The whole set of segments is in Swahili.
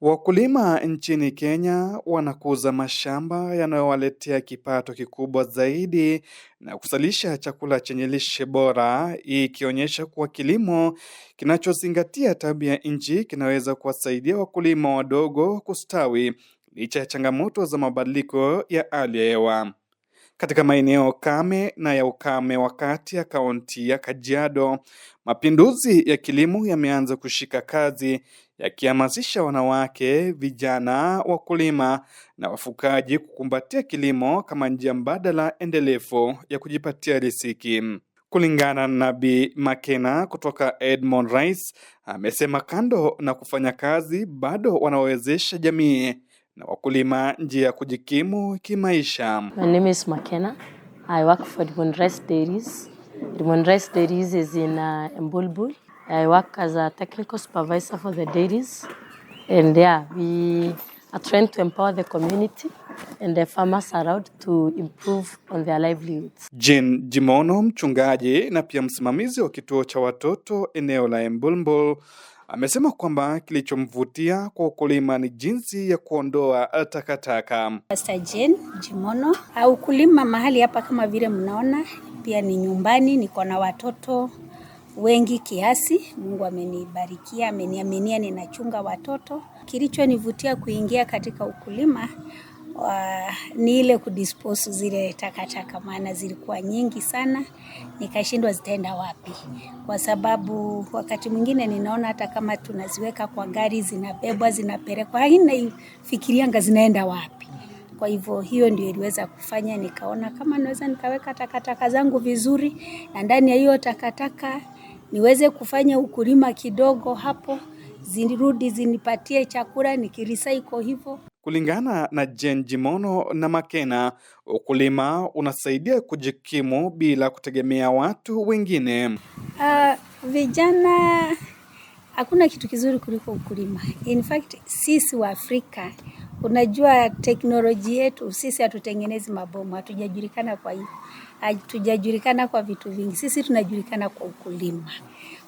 Wakulima nchini Kenya wanakuza mashamba yanayowaletea kipato kikubwa zaidi na kuzalisha chakula chenye lishe bora, hii ikionyesha kuwa kilimo kinachozingatia tabia nchi kinaweza kuwasaidia wakulima wadogo kustawi licha ya changamoto za mabadiliko ya hali ya hewa. Katika maeneo kame na ya ukame wakati ya kaunti ya Kajiado, mapinduzi ya kilimo yameanza kushika kazi yakihamasisha wanawake, vijana, wakulima na wafukaji kukumbatia kilimo kama njia mbadala endelevu ya kujipatia riziki. Kulingana na Bi Makena kutoka Edmond Rice, amesema kando na kufanya kazi bado wanawezesha jamii na wakulima njia ya kujikimu kimaisha. My name is Makena. I work for Edmond Rice Dairies. Edmond Rice Dairies is in uh, I work as a technical supervisor for the dairies. And yeah, we are trying to empower the community and the farmers around to improve on their livelihoods. Jean Jimono, mchungaji na pia msimamizi wa kituo cha watoto eneo la Embulbul, amesema kwamba kilichomvutia kwa ukulima ni jinsi ya kuondoa takataka. Pastor Jean Jimono, ukulima mahali hapa kama vile mnaona, pia ni nyumbani, niko na watoto wengi kiasi. Mungu amenibarikia, ameniaminia, ninachunga watoto. Kilichonivutia kuingia katika ukulima wa, ni ile kudispose zile takataka, maana zilikuwa nyingi sana, nikashindwa zitaenda wapi, kwa sababu wakati mwingine ninaona hata kama tunaziweka kwa gari, zinabebwa zinapelekwa, haina hainafikirianga zinaenda wapi. Kwa hivyo hiyo ndio iliweza kufanya nikaona kama naweza nikaweka takataka zangu vizuri, na ndani ya hiyo takataka niweze kufanya ukulima kidogo hapo, zirudi zinipatie chakula nikirisaiko hivyo. Kulingana na Jen Jimono na Makena, ukulima unasaidia kujikimu bila kutegemea watu wengine. Uh, vijana, hakuna kitu kizuri kuliko ukulima. In fact, sisi wa Afrika Unajua teknoloji yetu sisi hatutengenezi mabomu, hatujajulikana kwa hiyo, hatujajulikana kwa vitu vingi. Sisi tunajulikana kwa ukulima.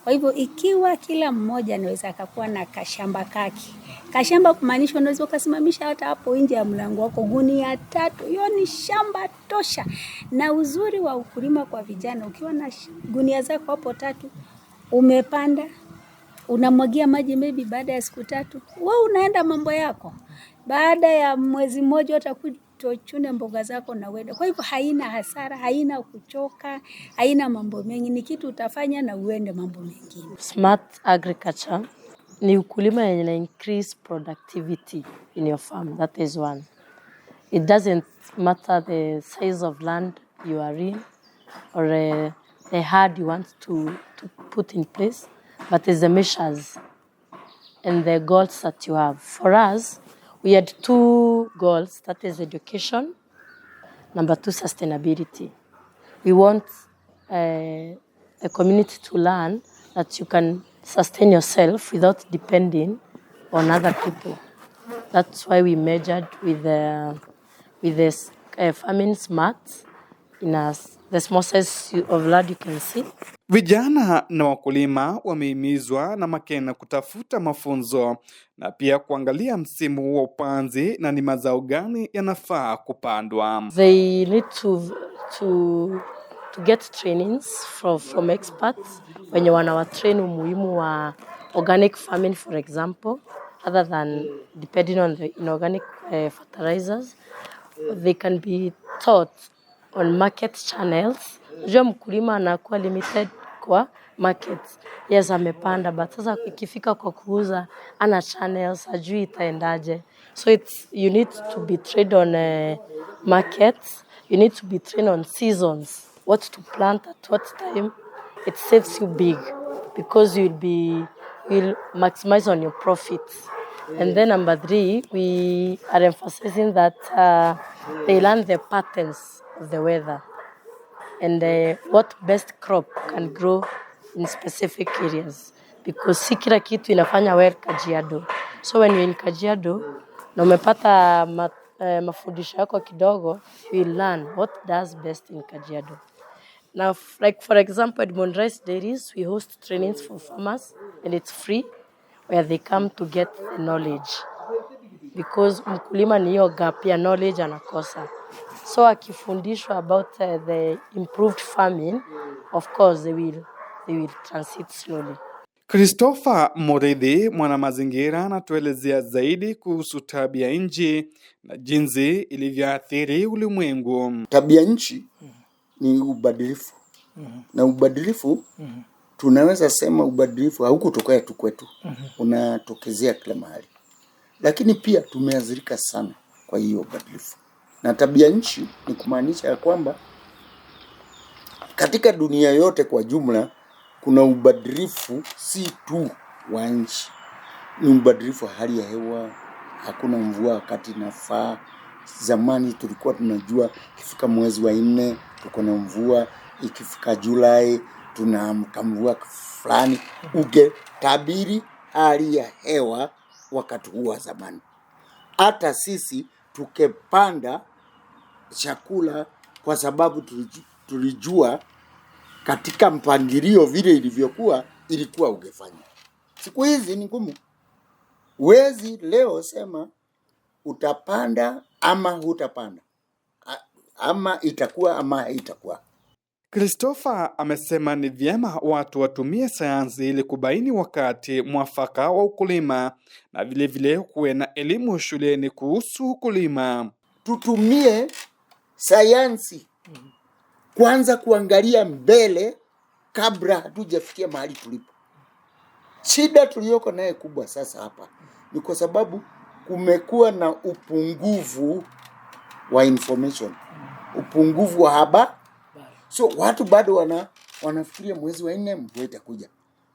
Kwa hivyo ikiwa kila mmoja anaweza akakuwa na kashamba kake, kashamba kumaanisha unaweza ukasimamisha hata hapo nje ya mlango wako gunia tatu, hiyo ni shamba tosha. Na uzuri wa ukulima kwa vijana, ukiwa na gunia zako hapo tatu, umepanda unamwagia maji maybe baada ya siku tatu, wewe unaenda mambo yako baada ya mwezi mmoja utakutochune mboga zako na uende. Kwa hivyo haina hasara, haina kuchoka, haina mambo mengi, ni kitu utafanya na uende mambo mengine. Smart agriculture ni ukulima yenye na increase productivity in your farm. That is one. It doesn't matter the size of land you are in or uh, the hard you want to, to put in place, but it's the measures and the goals that you have. For us, We had two goals. That is education. Number two, sustainability. We want a, uh, a community to learn that you can sustain yourself without depending on other people. That's why we measured with the, uh, with the uh, farming smart ina the small size of land you can see. Vijana na wakulima wamehimizwa na Makena kutafuta mafunzo na pia kuangalia msimu wa upanzi na ni mazao gani yanafaa kupandwa. They need to, to, to get trainings from, from experts wenye wanawatrain umuhimu wa organic farming for example other than depending on the inorganic uh, fertilizers they can be taught on market channels. Unajua mkulima anakuwa limited kwa market. Yes, amepanda but sasa ikifika kwa kuuza ana channels, ajui itaendaje. So it's, you need to be trained on uh, markets. You need to be trained on seasons. What to plant at what time. It saves you big because you'll be you'll maximize on your profits. And then number three, we are emphasizing that uh, they learn the patterns the weather and uh, what best crop can grow in specific areas because si kila kitu inafanya well Kajiado. So when you're in Kajiado na umepata ma, uh, mafundisho yako kidogo, you will learn what does best in Kajiado. Now, like for example, at Monrise Dairies, we host trainings for farmers and it's free where they come to get the knowledge because mkulima ni hiyo gap ya knowledge anakosa. So akifundishwa about uh, the improved farming, of course they will, they will transit slowly. Christopher Muridhi mwanamazingira anatuelezea zaidi kuhusu tabia nchi na jinsi ilivyoathiri ulimwengu. Tabia nchi ni ubadilifu mm-hmm. na ubadilifu mm-hmm. tunaweza sema ubadilifu haukutokea tu kwetu, mm-hmm. unatokezea kila mahali, lakini pia tumeathirika sana kwa hiyo ubadilifu na tabia nchi ni kumaanisha ya kwamba katika dunia yote kwa jumla kuna ubadilifu si tu wa nchi, ni ubadilifu wa hali ya hewa. Hakuna mvua wakati nafaa Zamani tulikuwa tunajua ikifika mwezi wa nne tuko na mvua, ikifika Julai tuna kamvua fulani. Ungetabiri hali ya hewa wakati huu wa zamani, hata sisi tukepanda chakula kwa sababu tulijua katika mpangilio vile ilivyokuwa ilikuwa ungefanya. Siku hizi ni ngumu, huwezi leo sema utapanda ama hutapanda, ama itakuwa ama haitakuwa. Christopher amesema ni vyema watu watumie sayansi ili kubaini wakati mwafaka wa ukulima na vilevile kuwe na elimu shuleni kuhusu ukulima. Tutumie sayansi, kwanza kuangalia mbele kabla hatujafikia mahali tulipo. Shida tuliyoko naye kubwa sasa hapa ni kwa sababu kumekuwa na upungufu wa information, upungufu wa haba. So watu bado wana wanafikiria mwezi wa nne mvua itakuja,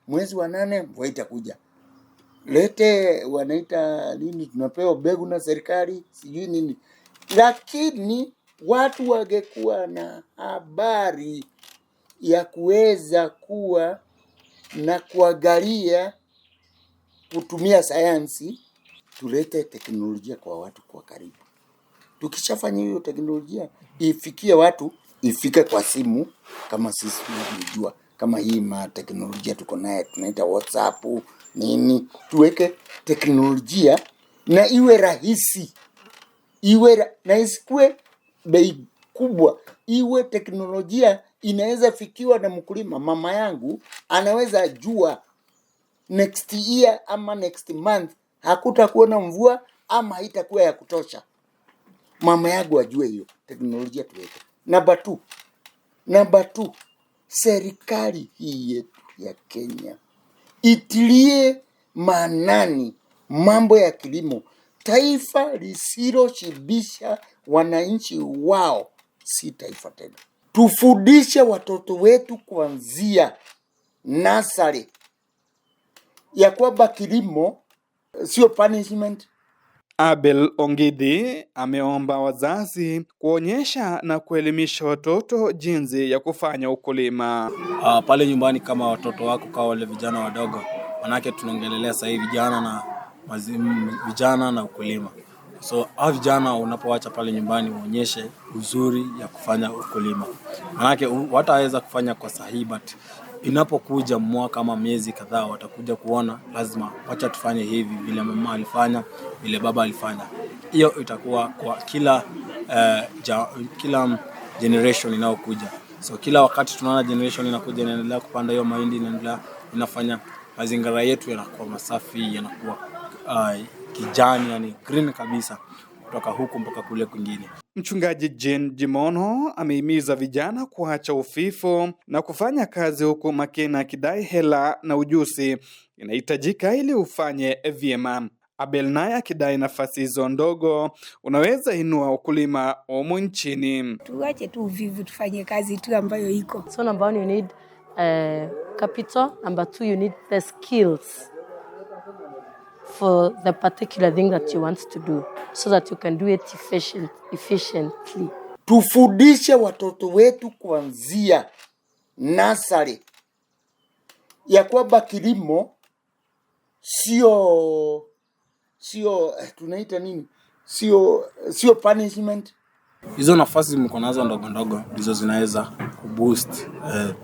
mwezi wa nane mvua itakuja, lete wanaita nini, tunapewa begu na serikali sijui nini, lakini watu wangekuwa na habari ya kuweza kuwa na kuangalia kutumia sayansi, tulete teknolojia kwa watu kwa karibu. Tukishafanya hiyo teknolojia ifikie watu, ifike kwa simu, kama sisi tunajua kama hii ma teknolojia tuko naye tunaita WhatsApp nini, tuweke teknolojia na iwe rahisi iwe ra na isikuwe bei kubwa, iwe teknolojia inaweza fikiwa na mkulima. Mama yangu anaweza jua next year ama next month hakutakuwa na mvua ama haitakuwa ya kutosha. Mama yangu ajue hiyo teknolojia tuweke. Namba 2, namba 2, serikali hii yetu ya Kenya itilie maanani mambo ya kilimo, taifa lisiloshibisha wananchi wao, si taifa tena. Tufundishe watoto wetu kuanzia nasari ya kwamba kilimo eh, sio punishment. Abel Ongidi ameomba wazazi kuonyesha na kuelimisha watoto jinsi ya kufanya ukulima. Uh, pale nyumbani kama watoto wako kama wale vijana wadogo, manake tunaongelelea sahii vijana na vijana na ukulima. So hao vijana unapowacha pale nyumbani, uonyeshe uzuri ya kufanya ukulima, manake wataweza kufanya kwa sahihi, but inapokuja mwaka ama miezi kadhaa, watakuja kuona lazima, wacha tufanye hivi vile mama alifanya, vile baba alifanya. Hiyo itakuwa kwa kila uh, ja, kila generation inayokuja. So kila wakati tunaona generation inakuja, inaendelea kupanda hiyo mahindi, inaendelea inafanya mazingira yetu yanakuwa masafi, yanakuwa uh, kijani, yani green kabisa kutoka huku mpaka kule kwingine. Mchungaji Jean Jimono amehimiza vijana kuacha ufifu na kufanya kazi, huku Makena akidai hela na ujuzi inahitajika ili ufanye vyema. Abel naye akidai nafasi hizo ndogo unaweza inua ukulima humu nchini. Tuache tu uvivu, tufanye kazi tu ambayo iko. So number one you need uh, capital, number two you need the skills for the particular thing that you want to do so that you can do it efficient, efficiently. Tufundishe watoto wetu kuanzia nasari ya kwamba kilimo sio sio eh, tunaita nini, sio sio punishment. Hizo nafasi mko nazo ndogo ndogo ndizo zinaweza kuboost eh,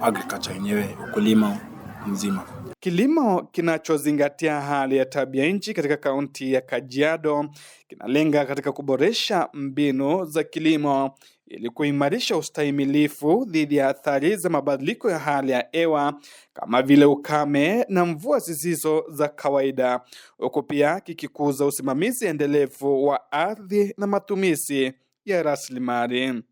agriculture yenyewe, ukulima mzima. Kilimo kinachozingatia hali ya tabia nchi katika kaunti ya Kajiado kinalenga katika kuboresha mbinu za kilimo ili kuimarisha ustahimilifu dhidi ya athari za mabadiliko ya hali ya hewa kama vile ukame na mvua zisizo za kawaida, huku pia kikikuza usimamizi endelevu wa ardhi na matumizi ya rasilimali.